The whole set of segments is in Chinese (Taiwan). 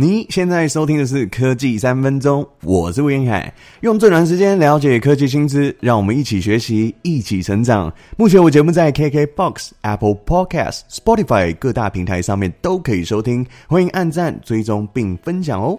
你現在收聽的是《科技三分鐘》，我是吳晏愷，用最短時間了解科技新知，讓我們一起學習，一起成長。目前我節目在 KK Box、Apple Podcast、Spotify 各大平台上面都可以收聽，歡迎按讚、追蹤並分享哦。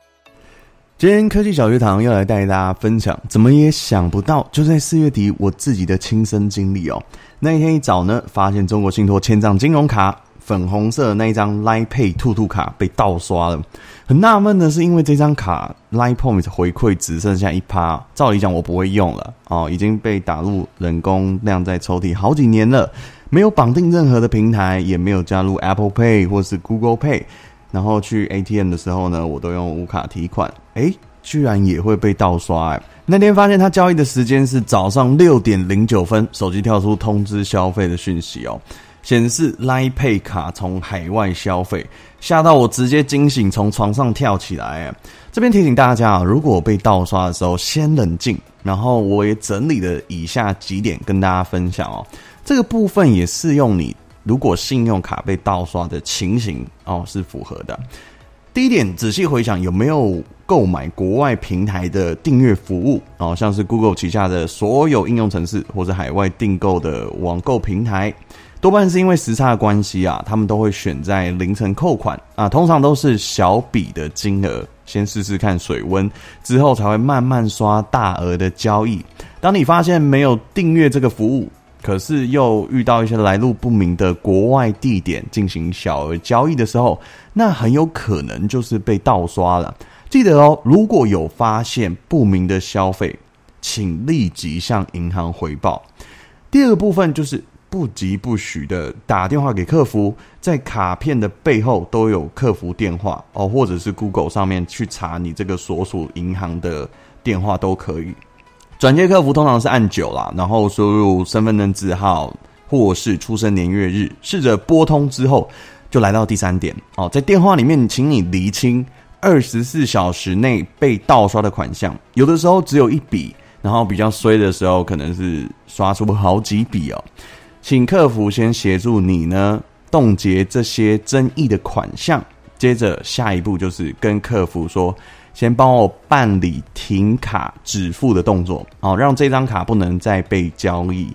今天科技小學堂要來帶大家分享，怎麼也想不到，就在四月底，我自己的親身經歷哦。那一天一早呢，發現中國信託簽帳金融卡。粉紅色的那一張 Line Pay 兔兔卡被盜刷了，很納悶的是，因為這張卡 Line Point 回饋只剩下一趴，照理講我不會用了哦、喔，已經被打入人工晾在抽屜好幾年了，沒有綁定任何的平台，也沒有加入 Apple Pay 或是 Google Pay，然後去 ATM 的時候呢，我都用無卡提款，哎，居然也會被盜刷、欸！那天發現它交易的時間是早上六點零九分，手機跳出通知消費的訊息哦、喔。顯示 Line Pay 卡從海外消費，嚇到我直接驚醒，從床上跳起來。這邊提醒大家啊，如果我被盜刷的時候，先冷靜。然後我也整理了以下幾點跟大家分享哦。這個部分也適用你，如果信用卡被盜刷的情形哦，是符合的。第一點，仔細回想有沒有購買國外平台的訂閱服務哦，像是 Google 旗下的所有應用程式，或者海外訂購的網購平台。多半是因為時差的關係啊，他們都會選在凌晨扣款啊，通常都是小筆的金額，先試試看水溫之後才會慢慢刷大額的交易。當你發現沒有訂閱這個服務，可是又遇到一些來路不明的國外地點進行小額交易的時候，那很有可能就是被盜刷了。記得哦，如果有發現不明的消費，請立即向銀行回報。第二個部分就是。不急不徐的打電話給客服，在卡片的背後都有客服電話哦，或者是 Google 上面去查你這個所屬銀行的電話都可以。轉接客服通常是按九啦，然後輸入身份證字號或是出生年月日，試着撥通之後就來到第三點哦，在電話裡面請你釐清二十四小時內被盜刷的款項，有的時候只有一筆，然後比較衰的時候可能是刷出好幾筆哦、喔。請客服先協助你呢，凍結這些爭議的款項，接着下一步就是跟客服說，先幫我辦理停卡止付的動作，好、哦、讓這張卡不能再被交易。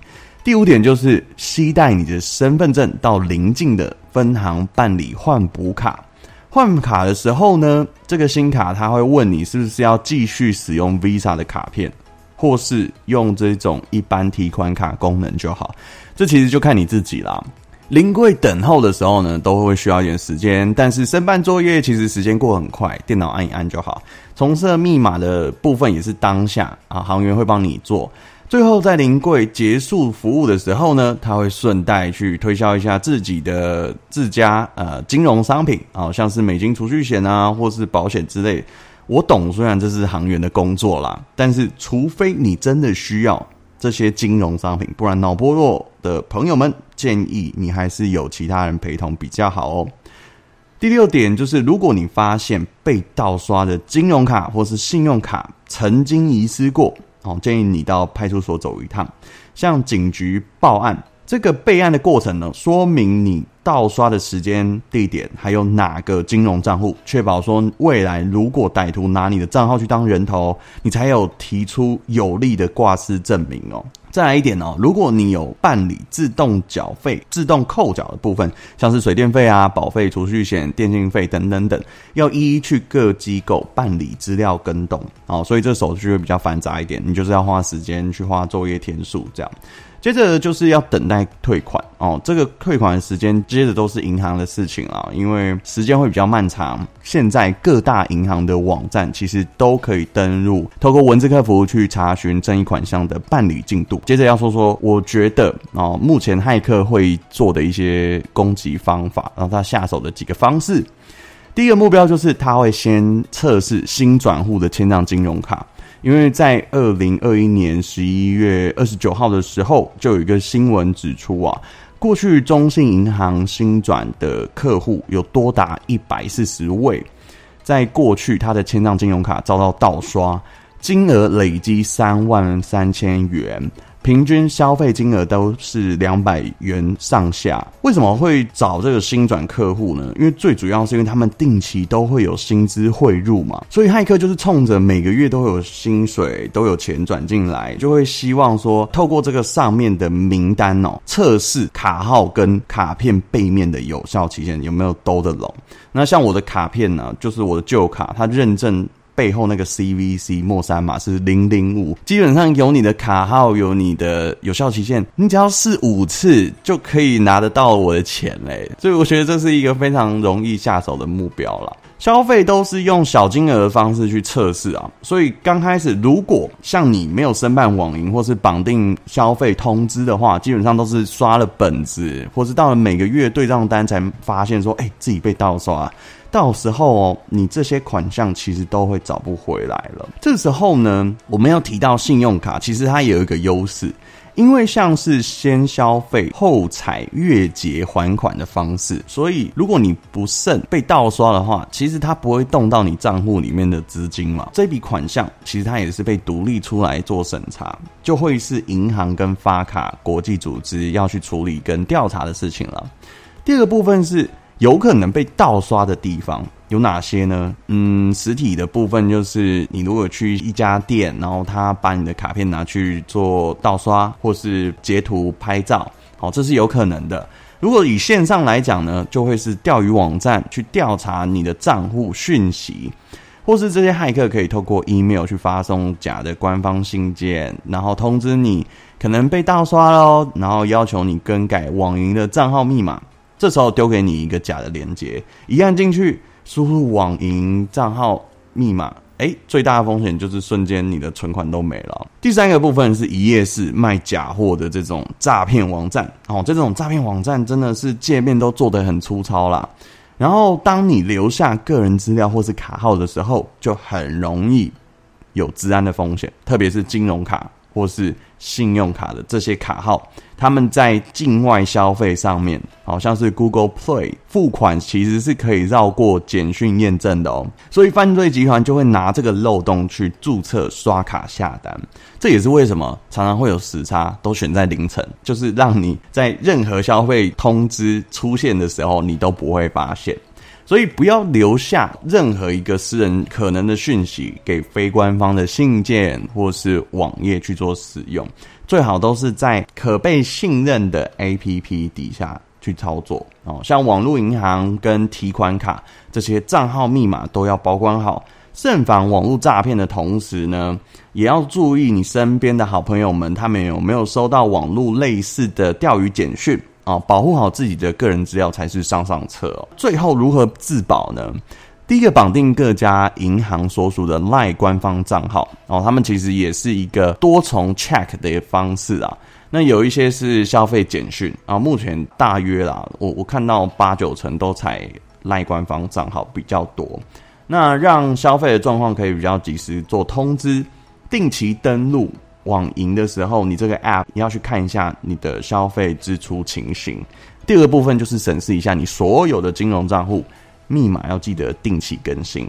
第五點就是，攜帶你的身份證到鄰近的分行辦理換補卡。換卡的時候呢，這個新卡它會問你是不是要繼續使用 Visa 的卡片。或是用這種一般提款卡功能就好，這其實就看你自己啦。臨櫃等候的時候呢，都會需要一點時間，但是申辦作業其實時間過很快，電腦按一按就好。重設密碼的部分也是當下啊，行員會幫你做。最後在臨櫃結束服務的時候呢，他會順帶去推銷一下自己的自家呃金融商品，啊，像是美金儲蓄險啊，或是保險之類。我懂，雖然這是行員的工作啦，但是除非你真的需要這些金融商品，不然腦波弱的朋友們建議你還是有其他人陪同比較好哦。第六點就是，如果你發現被盜刷的金融卡或是信用卡曾經遺失過，哦，建議你到派出所走一趟，向警局報案。這個備案的過程呢，說明你盜刷的時間、地點，還有哪個金融賬戶，確保說未來如果歹徒拿你的賬號去當人頭，你才有提出有力的掛失證明哦。再來一點哦，如果你有辦理自動繳費、自動扣繳的部分，像是水電費啊、保費、儲蓄險、電信費等等等，要一一去各機構辦理資料更動哦，所以這手續會比較繁雜一點，你就是要花時間去花作業天數這樣。接着就是要等待退款哦，這個退款的時間接着都是銀行的事情啊，因為時間會比較漫長。現在各大銀行的網站其實都可以登錄，透過文字客服去查詢爭議款項的辦理進度。接着要說說，我覺得哦，目前駭客會做的一些攻擊方法，然後他下手的幾個方式。第一個目標就是他會先測試新轉戶的簽帳金融卡。因為在二零二一年十一月二十九號的時候，就有一個新聞指出啊，過去中信銀行新轉的客戶有多達一百四十位，在過去他的簽帳金融卡遭到盜刷，金額累積三萬三千元。平均消費金額都是兩百元上下，為什麼會找這個薪轉客戶呢？因為最主要是因為他們定期都會有薪資匯入嘛，所以駭客就是衝着每個月都有薪水、都有錢轉進來，就會希望說透過這個上面的名單哦，測試卡號跟卡片背面的有效期限有沒有兜得攏。那像我的卡片呢、啊，就是我的舊卡，它認證。背後那個 CVC 末三碼是零零五，基本上有你的卡號，有你的有效期限，你只要試五次就可以拿得到我的錢嘞，所以我覺得這是一個非常容易下手的目標了。消費都是用小金額的方式去測試啊，所以剛開始如果像你沒有申辦網銀或是綁定消費通知的話，基本上都是刷了本子，或是到了每個月對賬單才發現說，哎、欸，自己被盜刷。到時候哦，你這些款項其實都會找不回來了。這時候呢，我們要提到信用卡，其實它也有一個優勢，因為像是先消費後才月結還款的方式，所以如果你不慎被盜刷的話，其實它不會動到你賬戶裡面的資金嘛。這筆款項其實它也是被獨立出來做審查，就會是銀行跟發卡國際組織要去處理跟調查的事情了。第二個部分是。有可能被盜刷的地方有哪些呢？嗯，實體的部分就是你如果去一家店，然後他把你的卡片拿去做盜刷，或是截圖拍照，好、哦，這是有可能的。如果以線上來講呢，就會是釣魚網站去調查你的賬戶訊息，或是這些駭客可以透過 email 去發送假的官方信件，然後通知你可能被盜刷嘍、哦，然後要求你更改網銀的賬號密碼。這時候丟給你一個假的鏈接，一按進去，輸入網銀賬號密碼，誒，最大的風險就是瞬間你的存款都沒了。第三個部分是一頁式賣假貨的這種詐騙網站，哦，這種詐騙網站真的是界面都做得很粗糙啦。然後當你留下個人資料或是卡號的時候，就很容易有資安的風險，特別是金融卡。或是信用卡的這些卡號，他們在境外消費上面，好像是 Google Play 付款其實是可以繞過簡訊驗證的哦，所以犯罪集團就會拿這個漏洞去注冊刷卡下單。這也是為什麼常常會有時差都選在凌晨，就是讓你在任何消費通知出現的時候，你都不會發現。所以不要留下任何一個私人可能的訊息給非官方的信件或是網頁去做使用，最好都是在可被信任的 APP 底下去操作哦，像網絡銀行跟提款卡這些賬號密碼都要保管好，慎防網絡詐騙的同時呢，也要注意你身邊的好朋友們他們有沒有收到網絡類似的釣魚簡訊。啊、哦，保護好自己的個人資料才是上上策、哦。最後如何自保呢？第一個綁定各家銀行所屬的 LINE 官方賬號，哦，他們其實也是一個多重 check 的方式啊。那有一些是消費簡訊啊，目前大約啦，我我看到八九成都採 LINE 官方賬號比較多。那讓消費的狀況可以比較及時做通知，定期登錄。網銀的時候，你這個 App 你要去看一下你的消費支出情形。第二個部分就是審視一下你所有的金融賬戶，密碼要記得定期更新。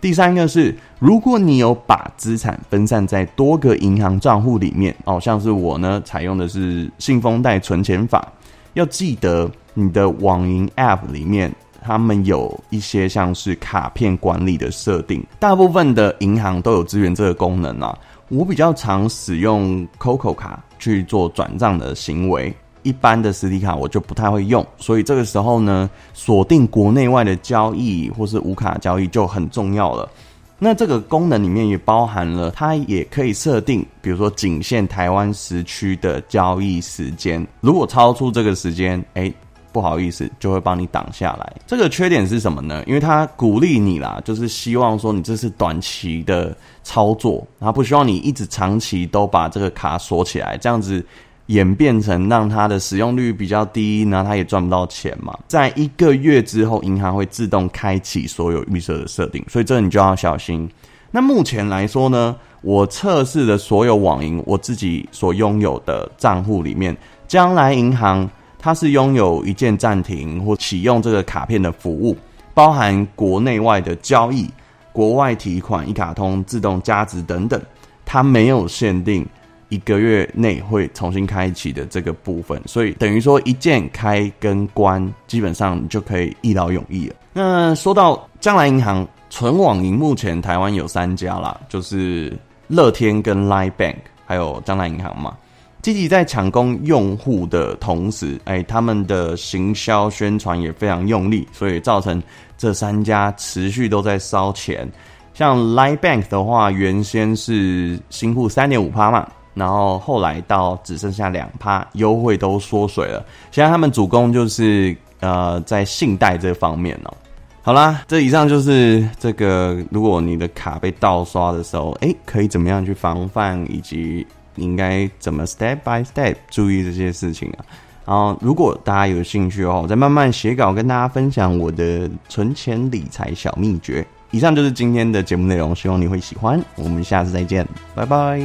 第三個是，如果你有把資產分散在多個銀行賬戶裡面，哦，像是我呢，採用的是信封袋存錢法，要記得你的網銀 App 裡面，他們有一些像是卡片管理的設定，大部分的銀行都有支援這個功能啊。我比較常使用 COCO 卡去做轉賬的行為，一般的實體卡我就不太會用，所以這個時候呢，鎖定國內外的交易或是無卡交易就很重要了。那這個功能裡面也包含了，它也可以設定，比如說僅限台灣時區的交易時間，如果超出這個時間，誒、欸不好意思，就會幫你擋下來。這個缺點是什麼呢？因為他鼓勵你啦，就是希望說你這是短期的操作，然後不希望你一直長期都把這個卡鎖起來，這樣子演變成讓它的使用率比較低，然後他也賺不到錢嘛。在一個月之後，銀行會自動開啟所有預設的設定，所以這你就要小心。那目前來說呢，我測試的所有網銀，我自己所擁有的賬戶裡面，將來銀行。它是擁有一鍵暫停或啟用這個卡片的服務，包含國內外的交易、國外提款、一卡通自動加值等等。它沒有限定一個月內會重新開啟的這個部分，所以等於說一鍵開跟關，基本上你就可以一勞永逸了。那說到將來銀行，純網銀，目前台灣有三家啦，就是樂天跟 Line Bank，還有將來銀行嘛。積極在搶攻用戶的同時，誒，他們的行銷宣傳也非常用力，所以造成這三家持續都在燒錢。像 LINE Bank 的話，原先是新戶三點五趴嘛，然後後來到只剩下兩趴，優惠都縮水了。現在他們主攻就是呃，在信貸這方面哦。好啦，這以上就是這個，如果你的卡被盜刷的時候，誒，可以怎麼樣去防範以及。應該怎麼 step by step 注意這些事情啊？然後如果大家有興趣的話，我再慢慢寫稿跟大家分享我的存錢理財小祕訣。以上就是今天的節目內容，希望你會喜歡。我們下次再見，拜拜。